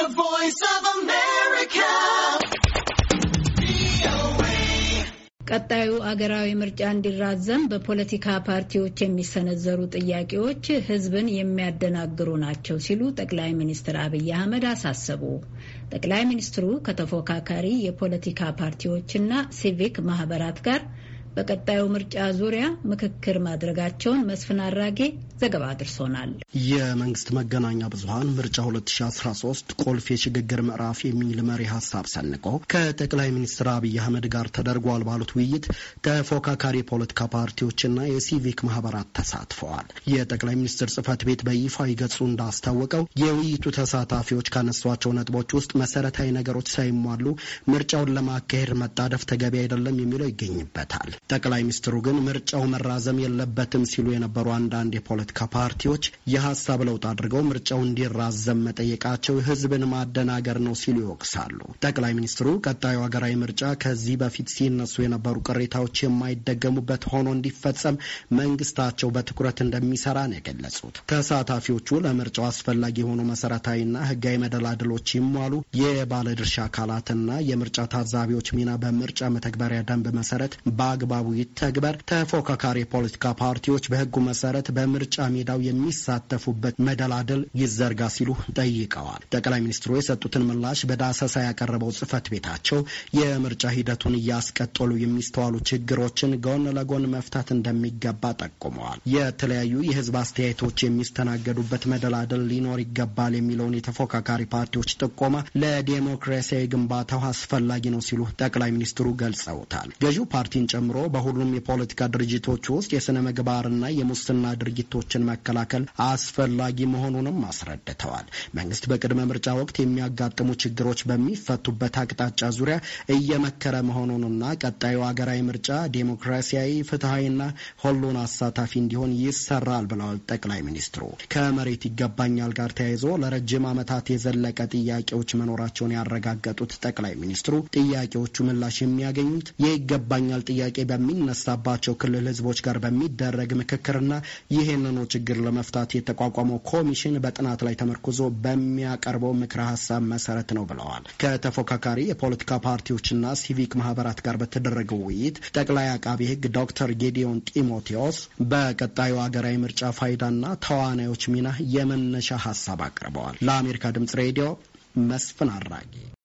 The Voice of America. ቀጣዩ አገራዊ ምርጫ እንዲራዘም በፖለቲካ ፓርቲዎች የሚሰነዘሩ ጥያቄዎች ሕዝብን የሚያደናግሩ ናቸው ሲሉ ጠቅላይ ሚኒስትር አብይ አህመድ አሳሰቡ። ጠቅላይ ሚኒስትሩ ከተፎካካሪ የፖለቲካ ፓርቲዎችና ሲቪክ ማህበራት ጋር በቀጣዩ ምርጫ ዙሪያ ምክክር ማድረጋቸውን መስፍን አራጌ ዘገባ አድርሶናል። የመንግስት መገናኛ ብዙሀን ምርጫ 2013 ቁልፍ የሽግግር ምዕራፍ የሚል መሪ ሀሳብ ሰንቆ ከጠቅላይ ሚኒስትር አብይ አህመድ ጋር ተደርጓል ባሉት ውይይት ተፎካካሪ የፖለቲካ ፓርቲዎችና የሲቪክ ማህበራት ተሳትፈዋል። የጠቅላይ ሚኒስትር ጽህፈት ቤት በይፋ ገጹ እንዳስታወቀው የውይይቱ ተሳታፊዎች ካነሷቸው ነጥቦች ውስጥ መሰረታዊ ነገሮች ሳይሟሉ ምርጫውን ለማካሄድ መጣደፍ ተገቢ አይደለም የሚለው ይገኝበታል። ጠቅላይ ሚኒስትሩ ግን ምርጫው መራዘም የለበትም ሲሉ የነበሩ አንዳንድ የፖለቲካ ፓርቲዎች የሀሳብ ለውጥ አድርገው ምርጫው እንዲራዘም መጠየቃቸው ህዝብን ማደናገር ነው ሲሉ ይወቅሳሉ። ጠቅላይ ሚኒስትሩ ቀጣዩ ሀገራዊ ምርጫ ከዚህ በፊት ሲነሱ የነበሩ ቅሬታዎች የማይደገሙበት ሆኖ እንዲፈጸም መንግስታቸው በትኩረት እንደሚሰራ ነው የገለጹት። ተሳታፊዎቹ ለምርጫው አስፈላጊ የሆኑ መሰረታዊና ህጋዊ መደላድሎች ይሟሉ፣ የባለድርሻ አካላትና የምርጫ ታዛቢዎች ሚና በምርጫ መተግበሪያ ደንብ መሰረት በአግባ አግባቡ ይተግበር፣ ተፎካካሪ የፖለቲካ ፓርቲዎች በህጉ መሰረት በምርጫ ሜዳው የሚሳተፉበት መደላደል ይዘርጋ ሲሉ ጠይቀዋል። ጠቅላይ ሚኒስትሩ የሰጡትን ምላሽ በዳሰሳ ያቀረበው ጽህፈት ቤታቸው የምርጫ ሂደቱን እያስቀጠሉ የሚስተዋሉ ችግሮችን ጎን ለጎን መፍታት እንደሚገባ ጠቁመዋል። የተለያዩ የህዝብ አስተያየቶች የሚስተናገዱበት መደላደል ሊኖር ይገባል የሚለውን የተፎካካሪ ፓርቲዎች ጥቆማ ለዲሞክራሲያዊ ግንባታው አስፈላጊ ነው ሲሉ ጠቅላይ ሚኒስትሩ ገልጸውታል። ገዢው ፓርቲን ጨምሮ ጨምሮ በሁሉም የፖለቲካ ድርጅቶች ውስጥ የሥነ ምግባርና የሙስና ድርጊቶችን መከላከል አስፈላጊ መሆኑንም አስረድተዋል። መንግስት በቅድመ ምርጫ ወቅት የሚያጋጥሙ ችግሮች በሚፈቱበት አቅጣጫ ዙሪያ እየመከረ መሆኑንና ቀጣዩ ሀገራዊ ምርጫ ዴሞክራሲያዊ፣ ፍትሐዊና ሁሉን አሳታፊ እንዲሆን ይሰራል ብለዋል ጠቅላይ ሚኒስትሩ። ከመሬት ይገባኛል ጋር ተያይዞ ለረጅም ዓመታት የዘለቀ ጥያቄዎች መኖራቸውን ያረጋገጡት ጠቅላይ ሚኒስትሩ ጥያቄዎቹ ምላሽ የሚያገኙት የይገባኛል ጥያቄ በሚነሳባቸው ክልል ህዝቦች ጋር በሚደረግ ምክክርና ይህንኑ ችግር ለመፍታት የተቋቋመው ኮሚሽን በጥናት ላይ ተመርኩዞ በሚያቀርበው ምክረ ሀሳብ መሰረት ነው ብለዋል። ከተፎካካሪ የፖለቲካ ፓርቲዎችና ሲቪክ ማህበራት ጋር በተደረገው ውይይት ጠቅላይ አቃቢ ህግ ዶክተር ጌዲዮን ጢሞቴዎስ በቀጣዩ ሀገራዊ ምርጫ ፋይዳና ተዋናዮች ሚና የመነሻ ሀሳብ አቅርበዋል። ለአሜሪካ ድምጽ ሬዲዮ መስፍን አራጌ